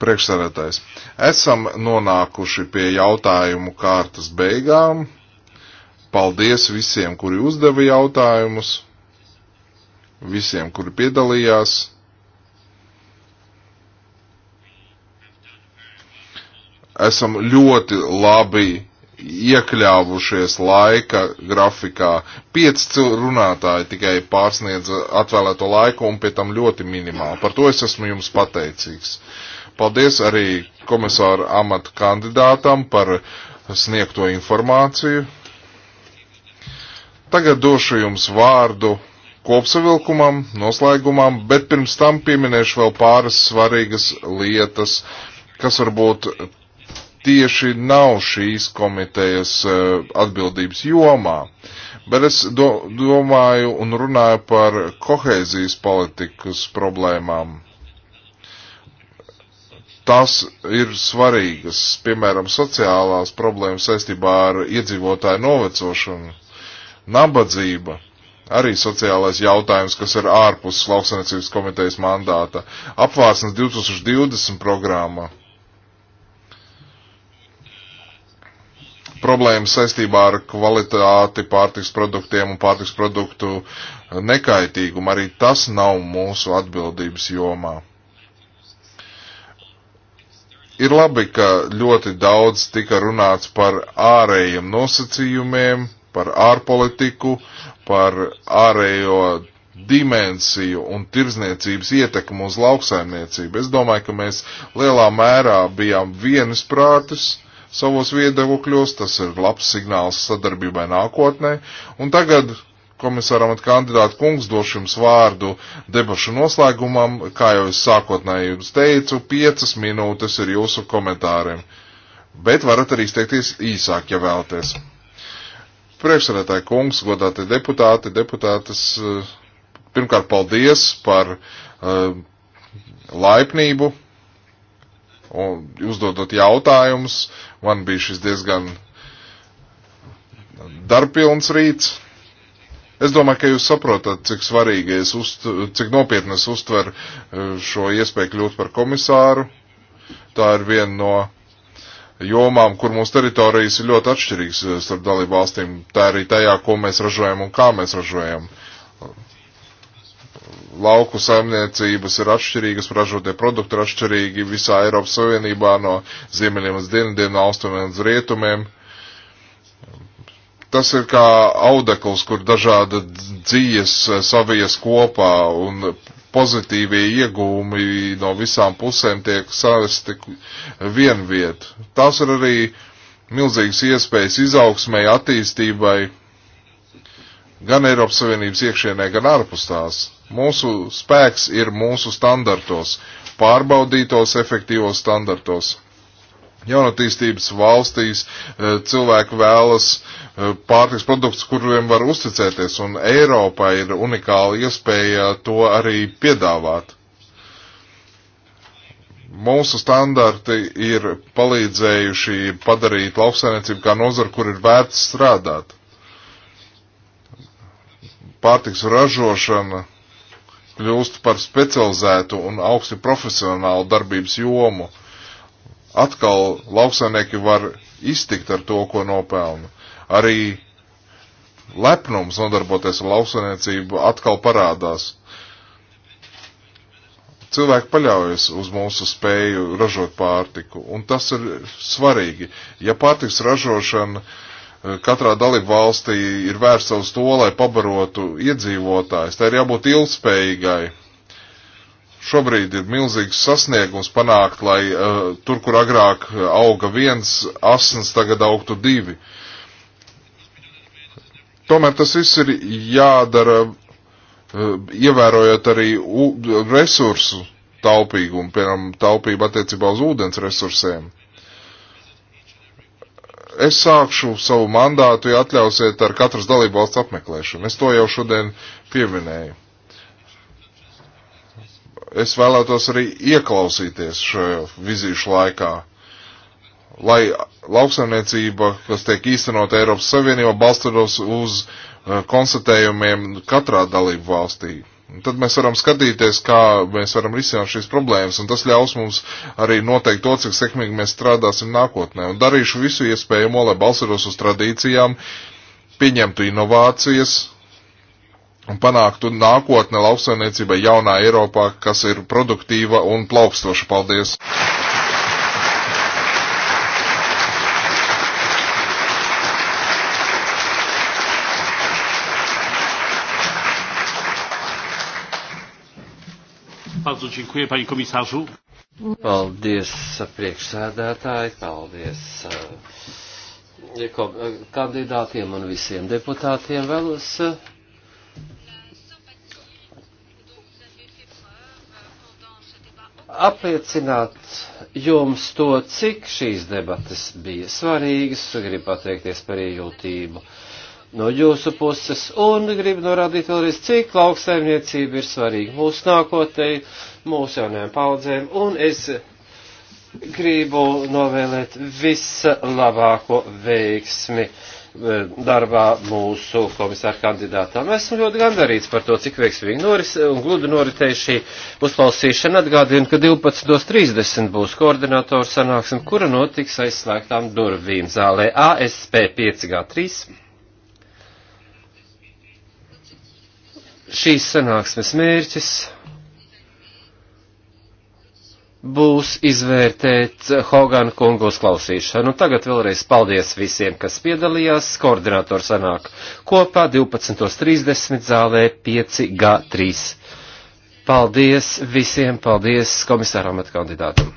Priekšsēdētājs. Esam nonākuši pie jautājumu kārtas beigām. Paldies visiem, kuri uzdeva jautājumus, visiem, kuri piedalījās. Esam ļoti labi iekļāvušies laika grafikā. Pieci runātāji tikai pārsniedza atvēlēto laiku un pie tam ļoti minimāli. Par to es esmu jums pateicīgs. Uh, Paldies arī komisāra amata kandidātam par sniegto informāciju. Tagad došu jums vārdu kopsavilkumam, noslēgumam, bet pirms tam pieminēšu vēl pāris svarīgas lietas, kas varbūt tieši nav šīs komitejas eh, atbildības jomā. Bet es do, domāju un runāju par kohēzijas politikas problēmām tas ir svarīgas, piemēram, sociālās problēmas saistībā ar iedzīvotāju novecošanu, nabadzība, arī sociālais jautājums, kas ir ārpus lauksaimniecības komitejas mandāta, apvārsnes 2020 programma, problēmas saistībā ar kvalitāti pārtiks produktiem un pārtiks produktu nekaitīgumu, arī tas nav mūsu atbildības jomā. Ir labi, ka ļoti daudz tika runāts par ārējiem nosacījumiem, par ārpolitiku, par ārējo dimensiju un tirzniecības ietekmu uz lauksaimniecību. Es domāju, ka mēs lielā mērā bijām vienas prātas savos viedokļos, tas ir labs signāls sadarbībai nākotnē, un tagad komisāram un kandidātu kungs došu jums vārdu debašu noslēgumam, kā jau es sākotnēji jums teicu, piecas minūtes ir jūsu komentāriem. Bet varat arī izteikties īsāk, ja vēlaties. Priekšsēdētāji kungs, godāti deputāti, deputātes, eh, pirmkārt paldies par uh, laipnību un uzdodot jautājumus. Man bija šis diezgan eh, darbpilns rīts Es domāju, ka jūs saprotat, cik svarīgi es, uzt, cik nopietni es uztveru e, šo iespēju kļūt par komisāru. Tā ir viena no jomām, kur mūsu teritorijas ir ļoti atšķirīgas e, starp dalību valstīm. Tā arī tajā, ko mēs ražojam un kā mēs ražojam. Lauku saimniecības ir atšķirīgas, ražotie produkti ir atšķirīgi visā Eiropas Savienībā no ziemeļiem uz dienvidiem, no austrumiem uz rietumiem Tas ir kā audekls, kur dažāda dzīves eh, savies kopā un pozitīvie iegūmi no visām pusēm tiek savesti vienviet. Tās ir arī milzīgas iespējas izaugsmai, attīstībai gan Eiropas Savienības iekšienē, gan ārpus tās. Mūsu spēks ir mūsu standartos, pārbaudītos efektīvos standartos jaunatīstības valstīs eh, cilvēki vēlas eh, pārtiks produktus, kuriem var uzticēties, un Eiropā ir unikāla iespēja to arī piedāvāt. Mūsu standarti ir palīdzējuši padarīt lauksainiecību kā nozaru, kur ir vērts strādāt. Pārtiks ražošana kļūst par specializētu un augsti profesionālu darbības jomu atkal lauksaimnieki var iztikt ar to, ko nopelna. Arī lepnums nodarboties ar lauksaimniecību atkal parādās. Cilvēki paļaujas uz mūsu spēju ražot pārtiku, un tas ir svarīgi. Ja pārtiks ražošana eh, katrā dalību valstī ir vērsta uz to, lai pabarotu iedzīvotājs, tā ir jābūt ilgspējīgai šobrīd ir milzīgs sasniegums panākt, lai uh, tur, kur agrāk eh, auga viens asins, tagad augtu divi. Tomēr tas viss ir jādara, uh, ievērojot arī u, resursu taupīgumu, piemēram, taupību attiecībā uz ūdens resursiem. Es sākšu savu mandātu, ja atļausiet, ar katras dalībvalsts apmeklēšanu. Es to jau šodien pieminēju es vēlētos arī ieklausīties šajā vizīšu laikā, lai lauksaimniecība, kas tiek īstenot Eiropas Savienībā, balstītos uz eh, konstatējumiem katrā dalību valstī. Un tad mēs varam skatīties, kā mēs varam risināt šīs problēmas, un tas ļaus mums arī noteikt to, cik sekmīgi mēs strādāsim nākotnē. Un darīšu visu iespējamo, lai balstītos uz tradīcijām, pieņemtu inovācijas, un panāktu nākotne lauksaimniecībai jaunā Eiropā, kas ir produktīva un plaukstoša. Paldies! Bardzo dziękuję, panie komisarzu. Paldies, priekšsēdētāji, paldies eh, eh, kandidātiem un visiem deputātiem. Vēlos eh, apliecināt jums to, cik šīs debates bija svarīgas. Gribu pateikties par iejūtību no jūsu puses un gribu norādīt vēlreiz, cik lauksaimniecība ir svarīga mūsu nākotnē, mūsu jaunajām paudzēm. Un es gribu novēlēt vislabāko veiksmi e, darbā mūsu komisāra kandidātām. Esmu ļoti gandarīts par to, cik veiksmīgi noris e, un gludi noritēja šī uzklausīšana. Atgādinu, ka 12.30 būs koordinātoru sanāksme, kura notiks aizslēgtām durvīm zālē ASP 5G3. Šīs sanāksmes mērķis būs izvērtēt Hogan kungu uzklausīšanu. Tagad vēlreiz paldies visiem, kas piedalījās. Koordinators sanāk kopā 12.30 zālē 5G3. Paldies visiem, paldies komisāram atkandidātam.